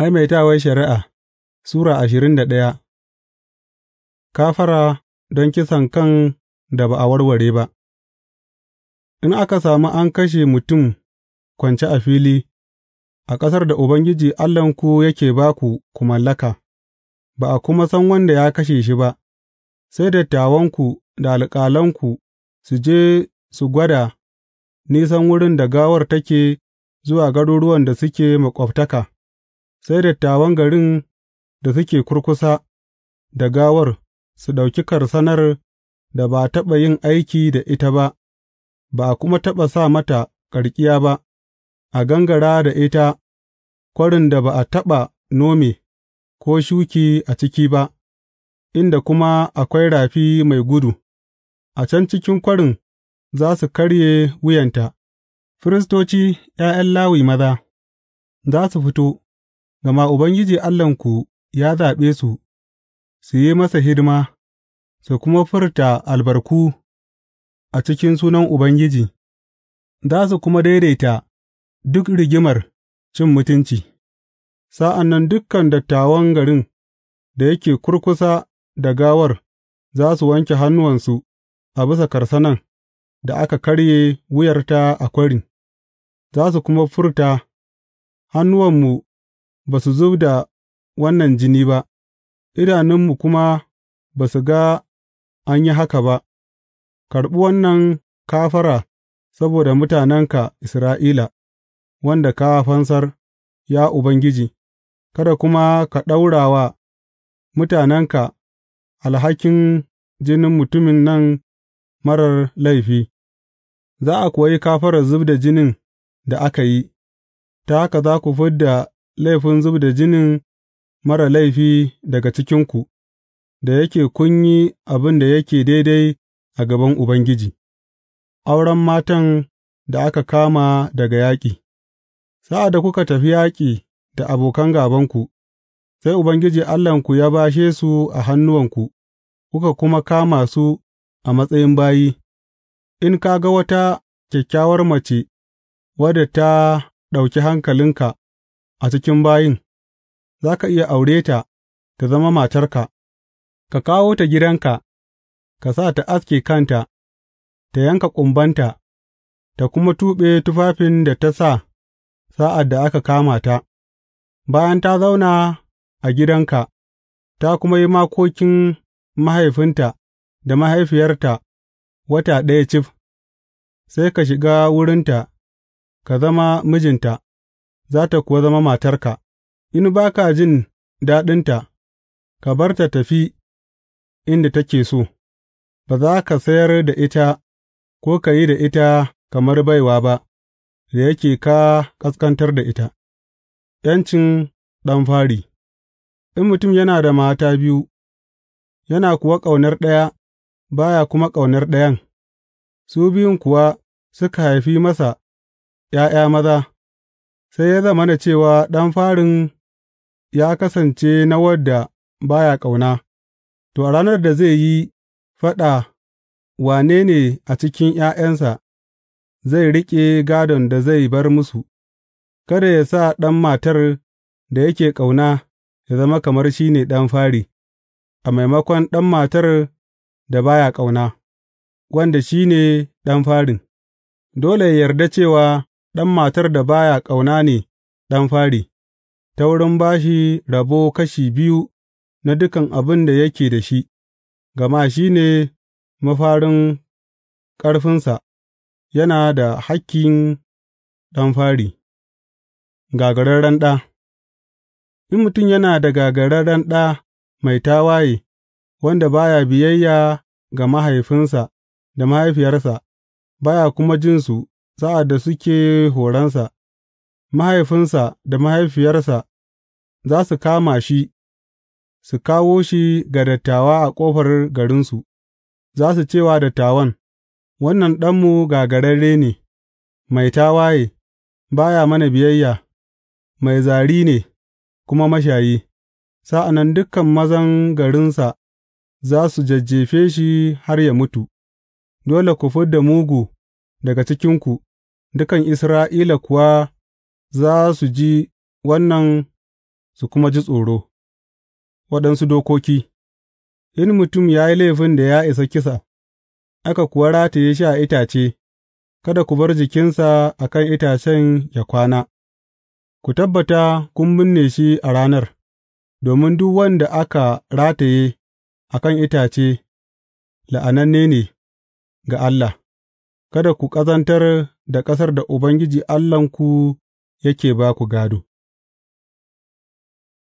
Maimaitawar Shari'a Sura ashirin da ɗaya Kafara don kisan kan da ba a warware ba In aka sami an kashe mutum kwance a fili, a ƙasar da Ubangiji Allahnku yake ba ku ku mallaka, ba a kuma san wanda ya kashe shi ba, sai dattawanku da alƙalanku su je su gwada nisan wurin da gawar take zuwa garuruwan da suke maƙwabtaka. sai dattawan garin da suke kurkusa da gawar su ɗauki karsanar da ba a taɓa yin aiki da ita ba, ba a kuma taɓa sa mata ƙarƙiya ba, a gangara da ita kwarin da ba a taɓa nome ko shuki a ciki ba, inda kuma akwai rafi mai gudu, a can cikin kwarin za su karye wuyanta, firistoci ’ya'yan Lawi maza za su fito, Gama Ubangiji Allahnku ya zaɓe su su yi masa hidima, su kuma furta albarku a cikin sunan Ubangiji, za su kuma daidaita duk rigimar cin mutunci, sa'an nan dukan dattawan garin da yake kurkusa da gawar za su wanke hannuwansu a bisa karsanan da aka karye wuyarta a kwarin, za su kuma furta, Hannuwanmu ba su zub da wannan jini ba, idanunmu kuma ba su ga an yi haka ba, karɓi wannan kafara saboda mutanenka Isra'ila, wanda ka fansar, ya Ubangiji, kada kuma ka ɗaura wa mutanenka alhakin jinin mutumin nan marar laifi, za a kuwa yi kafarar zub da jinin da aka yi, ta haka za ku fid da laifin zub da jinin marar laifi daga cikinku, da yake kun yi abin da yake daidai a gaban Ubangiji, auren matan da aka kama daga yaƙi Sa'ad da kuka tafi yaƙi da abokan gabanku, sai Ubangiji Allahnku ya bashe su a hannuwanku, kuka kuma kama su a matsayin bayi, in ka ga wata kyakkyawar mace wadda ta ɗauki hankalinka. a cikin bayin, za ka iya aure ta ta zama matarka, ka kawo ta gidanka, ka sa ta aske kanta, ta yanka ƙumbanta, ta kuma tuɓe tufafin da ta sa sa'ad da aka kama ta, bayan ta zauna a gidanka, ta kuma yi makokin mahaifinta da mahaifiyarta wata ɗaya cif, sai ka shiga wurinta, ka zama mijinta. za tă kuwa zama matarka, in ba ka jin daɗinta, ka bar ta tafi inda take so, ba za ka sayar da ita ko ka yi da ita kamar baiwa ba, da yake ka ƙasƙantar da ita. ’Yancin ɗan fari In mutum yana da mata biyu, yana kuwa ƙaunar ɗaya, baya kuma ƙaunar ɗayan, su biyun kuwa suka haifi masa ’ya'ya maza. Sai ya zama zamana cewa ɗan farin ya kasance na wadda ba ya ƙauna, to, a ranar da zai yi faɗa wane ne a cikin ’ya'yansa zai riƙe gadon da zai bar musu, kada ya sa ɗan matar da yake ƙauna ya zama kamar shi ne ɗan fari, a maimakon ɗan matar da ba ya ƙauna, wanda shi ne ɗan farin, dole yarda cewa. ɗan matar da ba ya ƙauna ne ɗan fari, ta wurin ba shi rabo kashi biyu na dukan abin da yake da shi, gama shi ne mafarin ƙarfinsa, yana da hakkin ɗan fari. Gagararren ɗa In mutum yana da gagararren ɗa mai tawaye, wanda ba ya biyayya ga mahaifinsa da mahaifiyarsa, ba ya kuma jinsu sa'ad da suke horonsa, mahaifinsa da mahaifiyarsa za su kama shi su kawo shi ga dattawa a ƙofar garinsu, za su ce wa dattawan, Wannan ɗanmu gagararre ne, mai tawaye, ba ya mana biyayya, mai zari ne, kuma mashayi, sa'an nan dukan mazan garinsa za su jajjefe shi har ya mutu, dole ku fid da mugu daga cikinku, dukan Isra'ila kuwa za su ji wannan su kuma ji tsoro. Waɗansu dokoki In mutum ya yi laifin da ya isa kisa, aka kuwa rataye shi a itace, kada ku bar jikinsa a kan itacen ya kwana, ku tabbata kun binne shi a ranar, domin duk wanda aka rataye a kan itace la'ananne ne ga Allah. Kada ku ƙazantar da ƙasar da Ubangiji Allahnku yake ba ku gādo.